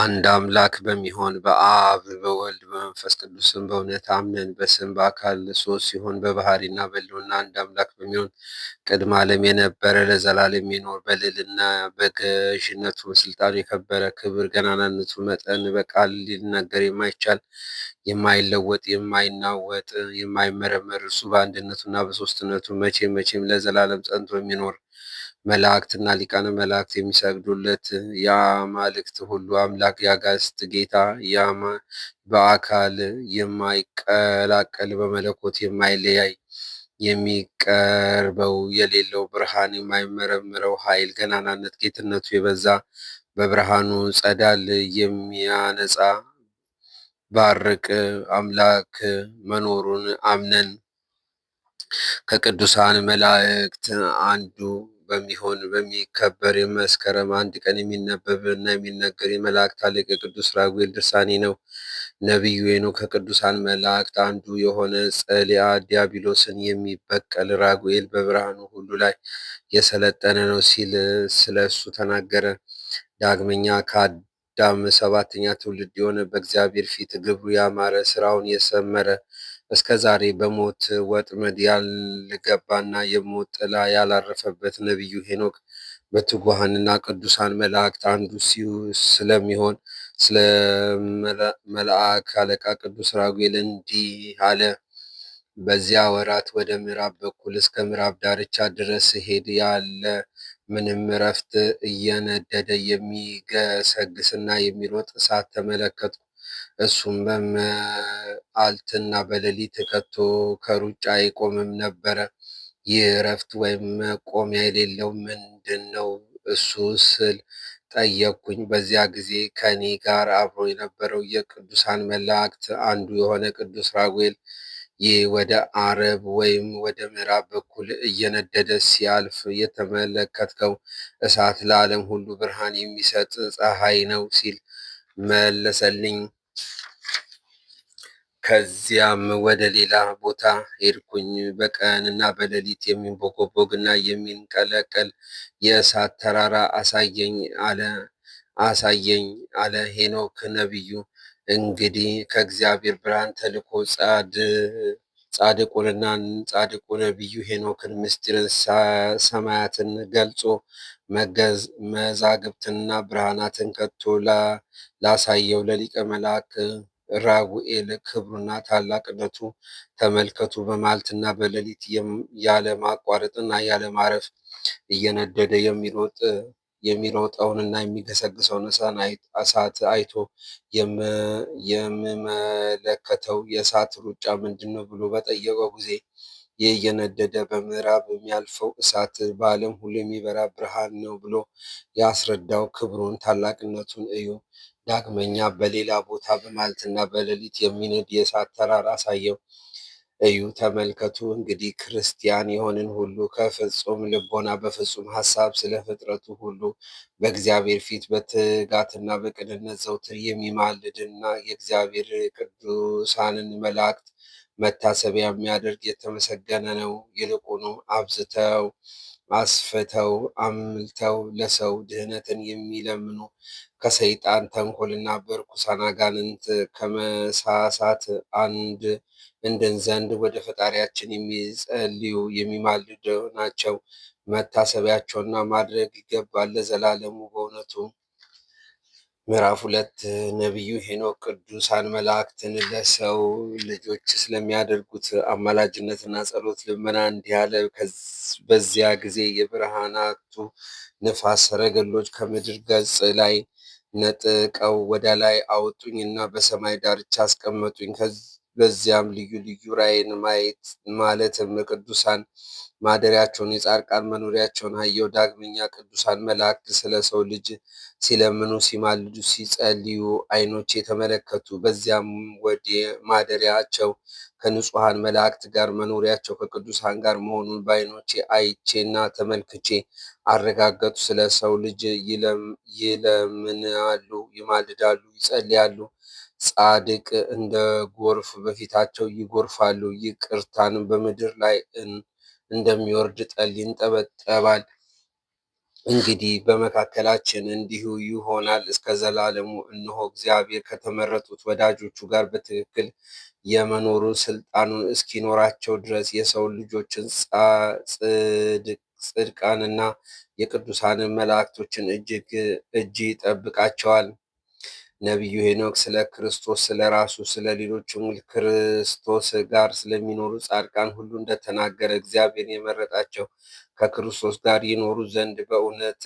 አንድ አምላክ በሚሆን በአብ በወልድ በመንፈስ ቅዱስም በእውነት አምነን በስም በአካል ሶስት ሲሆን በባህሪና በሕልውና አንድ አምላክ በሚሆን ቅድመ ዓለም የነበረ ለዘላለም የሚኖር በልዕልና በገዥነቱ በስልጣኑ የከበረ ክብር ገናናነቱ መጠን በቃል ሊነገር የማይቻል የማይለወጥ የማይናወጥ የማይመረመር እርሱ በአንድነቱና በሶስትነቱ መቼ መቼም ለዘላለም ጸንቶ የሚኖር መላእክትና ሊቃነ መላእክት የሚሰግዱለት የአማልክት ሁሉ አምላክ የአጋዕዝት ጌታ በአካል የማይቀላቀል በመለኮት የማይለያይ የሚቀርበው የሌለው ብርሃን የማይመረምረው ኃይል ገናናነት ጌትነቱ የበዛ በብርሃኑ ጸዳል የሚያነጻ ባርቅ አምላክ መኖሩን አምነን ከቅዱሳን መላእክት አንዱ በሚሆን በሚከበር የመስከረም አንድ ቀን የሚነበብ እና የሚነገር የመላእክት አለቃ የቅዱስ ራጉኤል ድርሳኔ ነው። ነቢዩ ሄኖክ ከቅዱሳን መላእክት አንዱ የሆነ ጸሊአ ዲያብሎስን የሚበቀል ራጉኤል በብርሃኑ ሁሉ ላይ የሰለጠነ ነው ሲል ስለ እሱ ተናገረ። ዳግመኛ ከአዳም ሰባተኛ ትውልድ የሆነ በእግዚአብሔር ፊት ግብሩ ያማረ ስራውን የሰመረ እስከ ዛሬ በሞት ወጥመድ ያልገባና የሞት ጥላ ያላረፈበት ነቢዩ ሄኖክ በትጉሃንና ቅዱሳን መላእክት አንዱ ስለሚሆን ስለ መልአክ አለቃ ቅዱስ ራጉኤል እንዲህ አለ። በዚያ ወራት ወደ ምዕራብ በኩል እስከ ምዕራብ ዳርቻ ድረስ ሄድ ያለ ምንም እረፍት እየነደደ የሚገሰግስና የሚሮጥ እሳት ተመለከትኩ። እሱም በመዓልትና በሌሊት ከቶ ከሩጫ አይቆምም ነበረ። ይህ እረፍት ወይም መቆሚያ የሌለው ምንድን ነው እሱ ስል ጠየቅኩኝ። በዚያ ጊዜ ከኔ ጋር አብሮ የነበረው የቅዱሳን መላእክት አንዱ የሆነ ቅዱስ ራጉኤል ይህ ወደ አረብ ወይም ወደ ምዕራብ በኩል እየነደደ ሲያልፍ የተመለከትከው እሳት ለዓለም ሁሉ ብርሃን የሚሰጥ ፀሐይ ነው ሲል መለሰልኝ። ከዚያም ወደ ሌላ ቦታ ሄድኩኝ። በቀንና በሌሊት የሚንቦጎቦግና የሚንቀለቀል የእሳት ተራራ አሳየኝ አለ አሳየኝ አለ ሄኖክ ነቢዩ። እንግዲህ ከእግዚአብሔር ብርሃን ተልኮ ጻድቁንና ጻድቁ ነቢዩ ሄኖክን ምስጢርን ሰማያትን ገልጾ መዛግብትንና ብርሃናትን ከቶ ላሳየው ለሊቀ መልአክ ራጉኤል ክብሩና ታላቅነቱ ተመልከቱ! በማልትና በሌሊት ያለማቋረጥና ያለማረፍ እየነደደ የሚሮጥ የሚሮጠውንና የሚገሰግሰውን እሳት አይቶ የምመለከተው የእሳት ሩጫ ምንድን ነው ብሎ በጠየቀው ጊዜ ይህ እየነደደ በምዕራብ የሚያልፈው እሳት በዓለም ሁሉ የሚበራ ብርሃን ነው ብሎ ያስረዳው። ክብሩን ታላቅነቱን እዩ! ዳግመኛ በሌላ ቦታ በማልትና በሌሊት የሚነድ የእሳት ተራራ አሳየው። እዩ ተመልከቱ። እንግዲህ ክርስቲያን የሆንን ሁሉ ከፍጹም ልቦና በፍጹም ሀሳብ ስለ ፍጥረቱ ሁሉ በእግዚአብሔር ፊት በትጋትና በቅንነት ዘውትር የሚማልድና የእግዚአብሔር ቅዱሳንን መላእክት መታሰቢያ የሚያደርግ የተመሰገነ ነው። ይልቁኑ አብዝተው አስፍተው አምልተው ለሰው ድህነትን የሚለምኑ ከሰይጣን ተንኮልና በርኩሳን አጋንንት ከመሳሳት አንድ እንድን ዘንድ ወደ ፈጣሪያችን የሚጸልዩ የሚማልዱ ናቸው። መታሰቢያቸውና ማድረግ ይገባል ለዘላለሙ በእውነቱ ምዕራፍ ሁለት ነቢዩ ሄኖክ ቅዱሳን መላእክትን ለሰው ልጆች ስለሚያደርጉት አማላጅነትና ጸሎት ልመና እንዲህ አለ። በዚያ ጊዜ የብርሃናቱ ነፋስ ሰረገሎች ከምድር ገጽ ላይ ነጥቀው ወደ ላይ አወጡኝ እና በሰማይ ዳርቻ አስቀመጡኝ። በዚያም ልዩ ልዩ ራእይን ማየት ማለትም ቅዱሳን ማደሪያቸውን የጻድቃን መኖሪያቸውን አየው። ዳግመኛ ቅዱሳን መላእክት ስለ ሰው ልጅ ሲለምኑ፣ ሲማልዱ፣ ሲጸልዩ አይኖች የተመለከቱ በዚያም ወደ ማደሪያቸው ከንጹሐን መላእክት ጋር መኖሪያቸው ከቅዱሳን ጋር መሆኑን በአይኖቼ አይቼና ተመልክቼ አረጋገጡ። ስለ ሰው ልጅ ይለምናሉ፣ ይማልዳሉ፣ ይጸልያሉ። ጻድቅ እንደ ጎርፍ በፊታቸው ይጎርፋሉ። ይቅርታን በምድር ላይ እንደሚወርድ ጠል ይንጠበጠባል። እንግዲህ በመካከላችን እንዲሁ ይሆናል እስከ ዘላለሙ። እነሆ እግዚአብሔር ከተመረጡት ወዳጆቹ ጋር በትክክል የመኖሩ ስልጣኑን እስኪኖራቸው ድረስ የሰው ልጆችን ጽድቃንና የቅዱሳንን መላእክቶችን እጅግ እጅ ይጠብቃቸዋል። ነቢዩ ሄኖክ ስለ ክርስቶስ ስለ ራሱ ስለ ሌሎችም ክርስቶስ ጋር ስለሚኖሩ ጻድቃን ሁሉ እንደተናገረ እግዚአብሔር የመረጣቸው ከክርስቶስ ጋር ይኖሩ ዘንድ በእውነት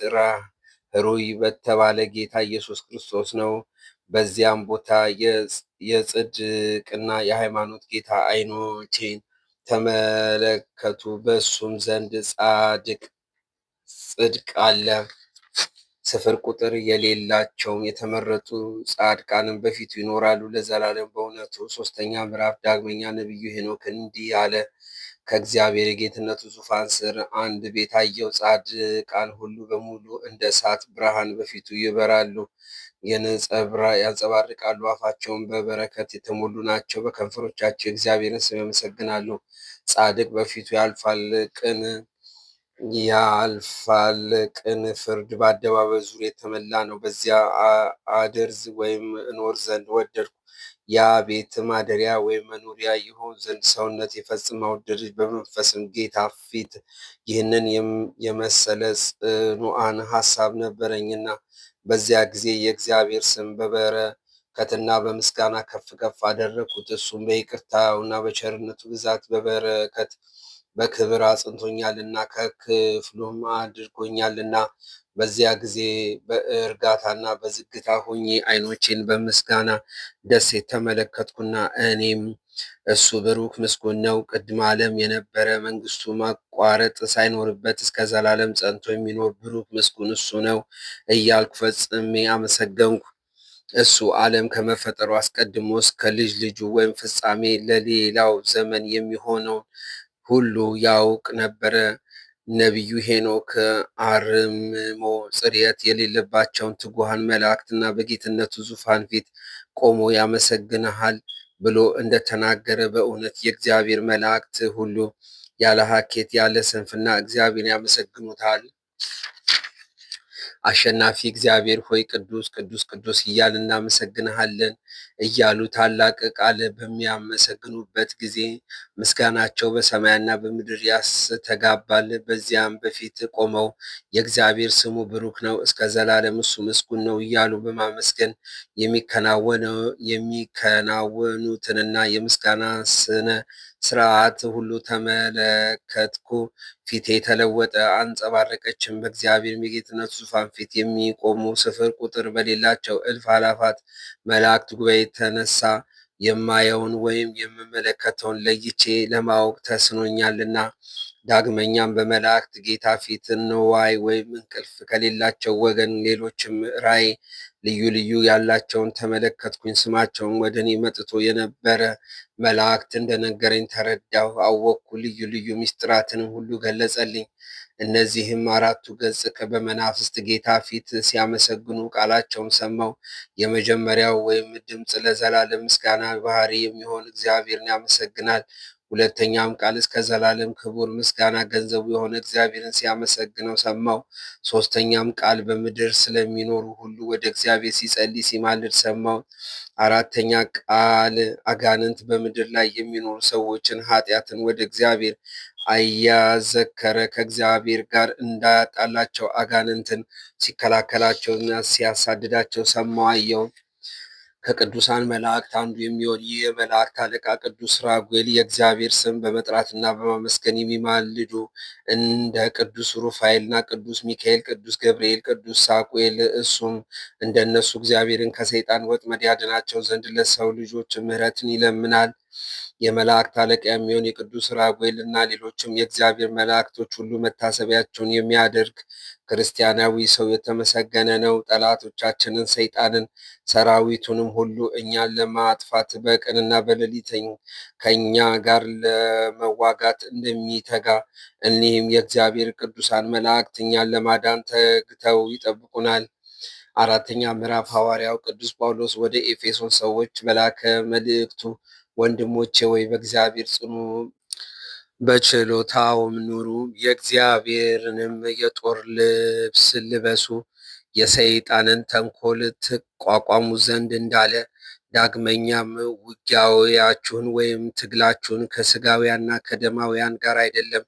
ሩይ በተባለ ጌታ ኢየሱስ ክርስቶስ ነው። በዚያም ቦታ የጽድቅና የሃይማኖት ጌታ አይኖቼን ተመለከቱ፣ በእሱም ዘንድ ጻድቅ ጽድቅ አለ። ስፍር ቁጥር የሌላቸው የተመረጡ ጻድቃንም በፊቱ ይኖራሉ ለዘላለም በእውነቱ። ሶስተኛ ምዕራፍ ዳግመኛ ነቢዩ ሄኖክ እንዲህ አለ፣ ከእግዚአብሔር የጌትነቱ ዙፋን ስር አንድ ቤት አየው ጻድቃን ሁሉ በሙሉ እንደ እሳት ብርሃን በፊቱ ይበራሉ፣ ያንጸባርቃሉ፣ አፋቸውን በበረከት የተሞሉ ናቸው። በከንፈሮቻቸው እግዚአብሔርን ስም ያመሰግናሉ። ጻድቅ በፊቱ ያልፋል፣ ቅን ያልፋል። ቅን ፍርድ በአደባባይ ዙሪያ የተመላ ነው። በዚያ አደርዝ ወይም እኖር ዘንድ ወደድኩ። ያ ቤት ማደሪያ ወይም መኖሪያ ይሆን ዘንድ ሰውነት የፈጽመው ድርጅ በመንፈስም ጌታ ፊት ይህንን የመሰለ ጽኑዓን ሀሳብ ነበረኝና በዚያ ጊዜ የእግዚአብሔር ስም በበረከትና በምስጋና ከፍ ከፍ አደረግኩት። እሱም በይቅርታውና በቸርነቱ ብዛት በበረከት በክብር አጽንቶኛልና ከክፍሉም አድርጎኛልና በዚያ ጊዜ በእርጋታና በዝግታ ሆኜ አይኖቼን በምስጋና ደሴት ተመለከትኩና እኔም እሱ ብሩክ ምስጉን ነው፣ ቅድመ ዓለም የነበረ መንግስቱ ማቋረጥ ሳይኖርበት እስከ ዘላለም ጸንቶ የሚኖር ብሩክ ምስጉን እሱ ነው እያልኩ ፈጽሜ አመሰገንኩ። እሱ ዓለም ከመፈጠሩ አስቀድሞ እስከ ልጅ ልጁ ወይም ፍጻሜ ለሌላው ዘመን የሚሆነውን ሁሉ ያውቅ ነበረ። ነቢዩ ሄኖክ አርምሞ ጽርየት የሌለባቸውን ትጉሃን መላእክትና በጌትነቱ ዙፋን ፊት ቆሞ ያመሰግንሃል ብሎ እንደተናገረ በእውነት የእግዚአብሔር መላእክት ሁሉ ያለ ሀኬት ያለ ስንፍና እግዚአብሔር ያመሰግኑታል። አሸናፊ እግዚአብሔር ሆይ ቅዱስ ቅዱስ ቅዱስ እያል እናመሰግንሃለን እያሉ ታላቅ ቃል በሚያመሰግኑበት ጊዜ ምስጋናቸው በሰማይና በምድር ያስተጋባል። በዚያም በፊት ቆመው የእግዚአብሔር ስሙ ብሩክ ነው እስከ ዘላለም እሱ ምስጉን ነው እያሉ በማመስገን የሚከናወኑትንና የምስጋና ስነ ስርዓት ሁሉ ተመለከትኩ። ፊቴ ተለወጠ፣ አንጸባረቀችም። በእግዚአብሔር የጌትነቱ ዙፋን ፊት የሚቆሙ ስፍር ቁጥር በሌላቸው እልፍ አላፋት መላእክት ጉባኤ ተነሳ። የማየውን ወይም የምመለከተውን ለይቼ ለማወቅ ተስኖኛልና ዳግመኛም በመላእክት ጌታ ፊት ንዋይ ወይም እንቅልፍ ከሌላቸው ወገን ሌሎችም ራእይ ልዩ ልዩ ያላቸውን ተመለከትኩኝ። ስማቸውን ወደ እኔ መጥቶ የነበረ መላእክት እንደነገረኝ ተረዳሁ፣ አወቅኩ። ልዩ ልዩ ምስጢራትንም ሁሉ ገለጸልኝ። እነዚህም አራቱ ገጽ በመናፍስት ጌታ ፊት ሲያመሰግኑ ቃላቸውን ሰማው። የመጀመሪያው ወይም ድምፅ ለዘላለም ምስጋና ባህሪ የሚሆን እግዚአብሔርን ያመሰግናል። ሁለተኛም ቃል እስከ ዘላለም ክቡር ምስጋና ገንዘቡ የሆነ እግዚአብሔርን ሲያመሰግነው ሰማው። ሶስተኛም ቃል በምድር ስለሚኖሩ ሁሉ ወደ እግዚአብሔር ሲጸልይ ሲማልድ ሰማው። አራተኛ ቃል አጋንንት በምድር ላይ የሚኖሩ ሰዎችን ኃጢአትን ወደ እግዚአብሔር አያዘከረ ከእግዚአብሔር ጋር እንዳያጣላቸው አጋንንትን ሲከላከላቸውና ሲያሳድዳቸው ሰማሁ ከቅዱሳን መላእክት አንዱ የሚሆን ይህ የመላእክት አለቃ ቅዱስ ራጉኤል የእግዚአብሔር ስም በመጥራትና በማመስገን የሚማልዱ እንደ ቅዱስ ሩፋኤልና ቅዱስ ሚካኤል፣ ቅዱስ ገብርኤል፣ ቅዱስ ሳቁኤል እሱም እንደነሱ እግዚአብሔርን ከሰይጣን ወጥመድ ያድናቸው ዘንድ ለሰው ልጆች ምሕረትን ይለምናል። የመላእክት አለቃ የሚሆን የቅዱስ ራጉኤል እና ሌሎችም የእግዚአብሔር መላእክቶች ሁሉ መታሰቢያቸውን የሚያደርግ ክርስቲያናዊ ሰው የተመሰገነ ነው። ጠላቶቻችንን ሰይጣንን ሰራዊቱንም ሁሉ እኛን ለማጥፋት በቀንና በሌሊት ከኛ ጋር ለመዋጋት እንደሚተጋ እኒህም የእግዚአብሔር ቅዱሳን መላእክት እኛን ለማዳን ተግተው ይጠብቁናል። አራተኛ ምዕራፍ ሐዋርያው ቅዱስ ጳውሎስ ወደ ኤፌሶን ሰዎች በላከ መልእክቱ ወንድሞቼ ወይ በእግዚአብሔር ጽኑ፣ በችሎታውም ኑሩ፣ የእግዚአብሔርንም የጦር ልብስ ልበሱ፣ የሰይጣንን ተንኮል ትቋቋሙ ዘንድ እንዳለ ዳግመኛም ውጊያዎቻችሁን ወይም ትግላችሁን ከስጋውያንና ከደማውያን ጋር አይደለም፣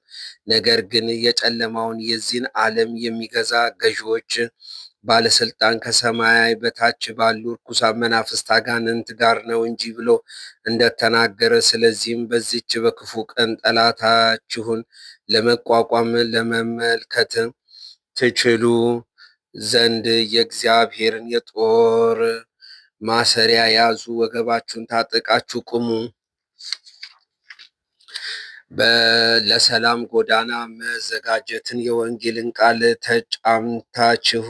ነገር ግን የጨለማውን የዚህን ዓለም የሚገዛ ገዢዎች ባለስልጣን ከሰማይ በታች ባሉ እርኩሳ መናፍስት አጋንንት ጋር ነው እንጂ ብሎ እንደተናገረ፣ ስለዚህም በዚች በክፉ ቀን ጠላታችሁን ለመቋቋም ለመመልከት ትችሉ ዘንድ የእግዚአብሔርን የጦር ማሰሪያ ያዙ፣ ወገባችሁን ታጥቃችሁ ቁሙ። ለሰላም ጎዳና መዘጋጀትን የወንጌልን ቃል ተጫምታችሁ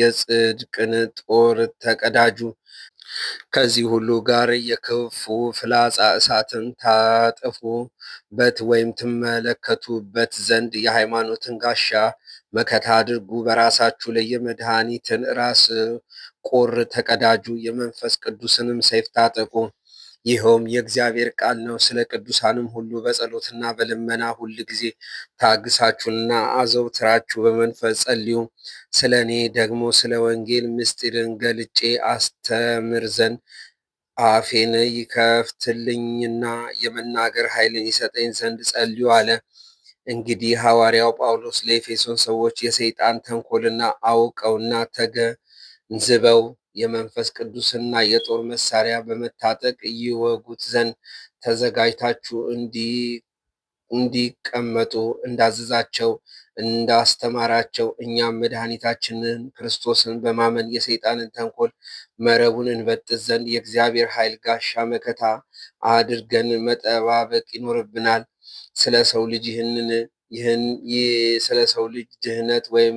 የጽድቅን ጦር ተቀዳጁ። ከዚህ ሁሉ ጋር የክፉ ፍላጻ እሳትን ታጥፉበት ወይም ትመለከቱበት ዘንድ የሃይማኖትን ጋሻ መከታ አድርጉ። በራሳችሁ ላይ የመድኃኒትን ራስ ቁር ተቀዳጁ። የመንፈስ ቅዱስንም ሰይፍ ታጠቁ። ይኸውም የእግዚአብሔር ቃል ነው። ስለ ቅዱሳንም ሁሉ በጸሎትና በልመና ሁል ጊዜ ታግሳችሁና አዘውትራችሁ በመንፈስ ጸልዩ። ስለ እኔ ደግሞ ስለ ወንጌል ምስጢርን ገልጬ አስተምር ዘንድ አፌን ይከፍትልኝና የመናገር ኃይልን ይሰጠኝ ዘንድ ጸልዩ አለ። እንግዲህ ሐዋርያው ጳውሎስ ለኤፌሶን ሰዎች የሰይጣን ተንኮልና አውቀውና ተገንዝበው የመንፈስ ቅዱስና የጦር መሳሪያ በመታጠቅ ይወጉት ዘንድ ተዘጋጅታችሁ እንዲቀመጡ እንዳዘዛቸው እንዳስተማራቸው እኛም መድኃኒታችንን ክርስቶስን በማመን የሰይጣንን ተንኮል መረቡን እንበጥስ ዘንድ የእግዚአብሔር ኃይል ጋሻ መከታ አድርገን መጠባበቅ ይኖርብናል። ስለ ሰው ልጅ ይህንን ይህን ስለ ሰው ልጅ ድህነት ወይም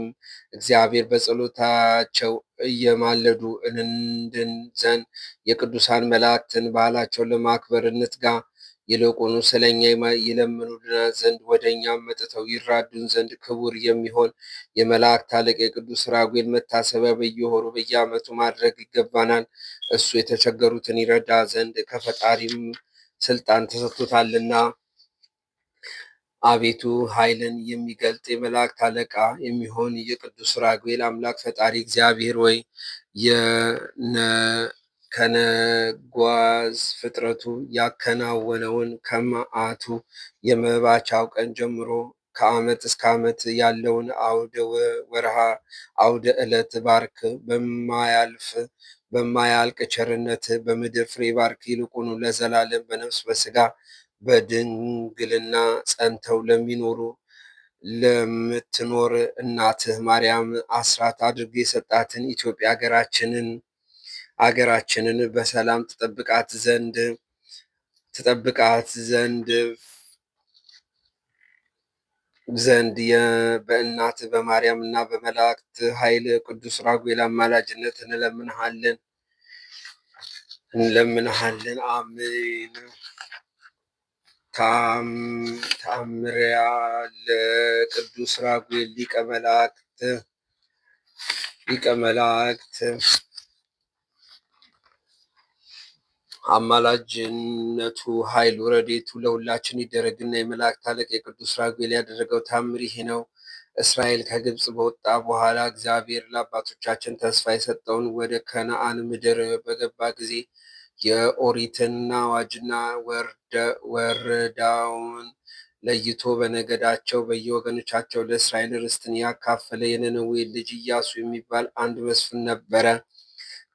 እግዚአብሔር በጸሎታቸው እየማለዱ እንድን ዘንድ የቅዱሳን መላእክትን በዓላቸውን ለማክበር እንትጋ። ይልቁኑ ስለኛ እኛ ይለምኑልና ዘንድ ወደኛም መጥተው ይራዱን ዘንድ ክቡር የሚሆን የመላእክት አለቃ የቅዱስ ራጉኤል መታሰቢያ በየወሩ በየዓመቱ ማድረግ ይገባናል። እሱ የተቸገሩትን ይረዳ ዘንድ ከፈጣሪም ስልጣን ተሰጥቶታልና። አቤቱ ኃይልን የሚገልጥ የመላእክት አለቃ የሚሆን የቅዱስ ራጉኤል አምላክ ፈጣሪ እግዚአብሔር ወይ ከነጓዝ ፍጥረቱ ያከናወነውን ከመዓቱ የመባቻው ቀን ጀምሮ ከዓመት እስከ ዓመት ያለውን አውደ ወርሃ አውደ ዕለት ባርክ በማያልፍ በማያልቅ ቸርነት በምድር ፍሬ ባርክ ይልቁኑ ለዘላለም በነፍስ በስጋ በድንግልና ጸንተው ለሚኖሩ ለምትኖር እናትህ ማርያም አስራት አድርጌ የሰጣትን ኢትዮጵያ ሀገራችንን አገራችንን በሰላም ትጠብቃት ዘንድ ትጠብቃት ዘንድ ዘንድ በእናት በማርያም እና በመላእክት ኃይል ቅዱስ ራጉኤል አማላጅነት እንለምንሃለን እንለምንሃለን። አሜን። ታምሪያ ለቅዱስ ራጉኤል ሊቀ መላእክት ሊቀ መላእክት አማላጅነቱ ኃይሉ ረዴቱ ለሁላችን ይደረግና የመላእክት አለቃ የቅዱስ ራጉኤል ያደረገው ታምር ይሄ ነው። እስራኤል ከግብፅ በወጣ በኋላ እግዚአብሔር ለአባቶቻችን ተስፋ የሰጠውን ወደ ከነአን ምድር በገባ ጊዜ የኦሪትና አዋጅና ወረዳውን ለይቶ በነገዳቸው በየወገኖቻቸው ለእስራኤል ርስትን ያካፈለ የነነዌ ልጅ እያሱ የሚባል አንድ መስፍን ነበረ።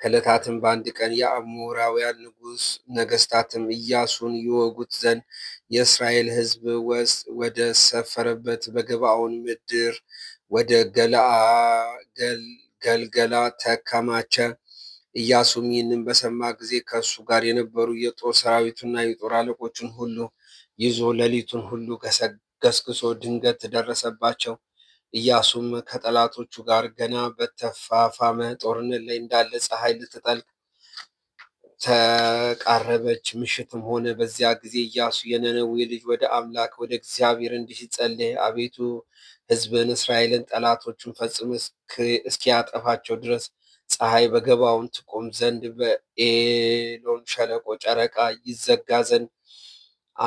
ከዕለታትም በአንድ ቀን የአሞራውያን ንጉሥ ነገስታትም እያሱን ይወጉት ዘንድ የእስራኤል ሕዝብ ወስ ወደ ሰፈረበት በገባኦን ምድር ወደ ገልገላ ተከማቸ። ኢያሱም ይህንን በሰማ ጊዜ ከእሱ ጋር የነበሩ የጦር ሰራዊቱና የጦር አለቆቹን ሁሉ ይዞ ሌሊቱን ሁሉ ገስግሶ ድንገት ደረሰባቸው። ኢያሱም ከጠላቶቹ ጋር ገና በተፋፋመ ጦርነት ላይ እንዳለ ፀሐይ ልትጠልቅ ተቃረበች፣ ምሽትም ሆነ። በዚያ ጊዜ ኢያሱ የነነዌ ልጅ ወደ አምላክ ወደ እግዚአብሔር እንዲህ ሲጸልይ፣ አቤቱ ሕዝብን እስራኤልን ጠላቶቹን ፈጽሞ እስኪያጠፋቸው ድረስ ፀሐይ በገባውን ትቆም ዘንድ በኤሎን ሸለቆ ጨረቃ ይዘጋ ዘንድ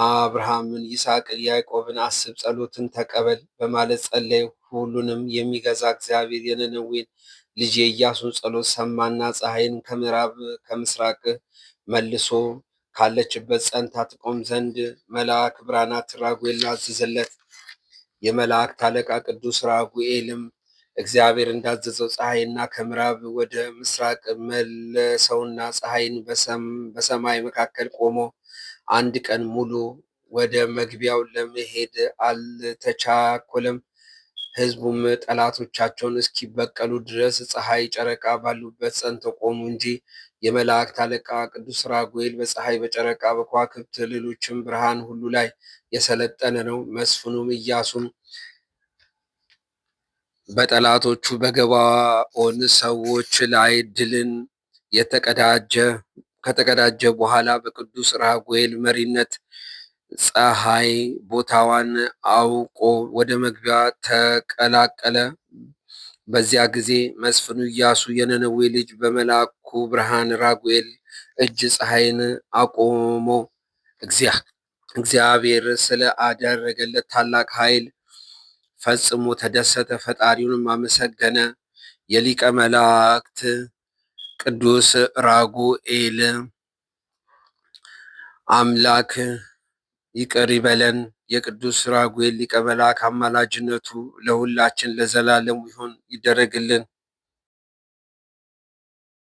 አብርሃምን ይስሐቅን ያዕቆብን አስብ ጸሎትን ተቀበል በማለት ጸለይ። ሁሉንም የሚገዛ እግዚአብሔር የነነዌን ልጅ የኢያሱን ጸሎት ሰማና ፀሐይን ከምዕራብ ከምስራቅ መልሶ ካለችበት ጸንታ ትቆም ዘንድ መልአክ ብርሃናት ራጉኤል አዘዘለት። የመላእክት አለቃ ቅዱስ ራጉኤልም እግዚአብሔር እንዳዘዘው ፀሐይና ከምዕራብ ወደ ምስራቅ መለሰውና ፀሐይን በሰማይ መካከል ቆሞ አንድ ቀን ሙሉ ወደ መግቢያው ለመሄድ አልተቻኮለም። ሕዝቡም ጠላቶቻቸውን እስኪበቀሉ ድረስ ፀሐይ፣ ጨረቃ ባሉበት ጸንተው ቆሙ እንጂ የመላእክት አለቃ ቅዱስ ራጉኤል በፀሐይ፣ በጨረቃ፣ በከዋክብት ሌሎችም ብርሃን ሁሉ ላይ የሰለጠነ ነው። መስፍኑም እያሱም በጠላቶቹ በገባኦን ሰዎች ላይ ድልን የተቀዳጀ ከተቀዳጀ በኋላ በቅዱስ ራጉኤል መሪነት ፀሐይ ቦታዋን አውቆ ወደ መግቢያ ተቀላቀለ። በዚያ ጊዜ መስፍኑ ኢያሱ የነነዌ ልጅ በመልአኩ ብርሃን ራጉኤል እጅ ፀሐይን አቆሞ እግዚአብሔር ስለ አደረገለት ታላቅ ኃይል ፈጽሞ ተደሰተ፣ ፈጣሪውንም አመሰገነ። የሊቀ መላእክት ቅዱስ ራጉኤል አምላክ ይቅር ይበለን። የቅዱስ ራጉኤል ሊቀ መላእክ አማላጅነቱ ለሁላችን ለዘላለሙ ይሁን ይደረግልን።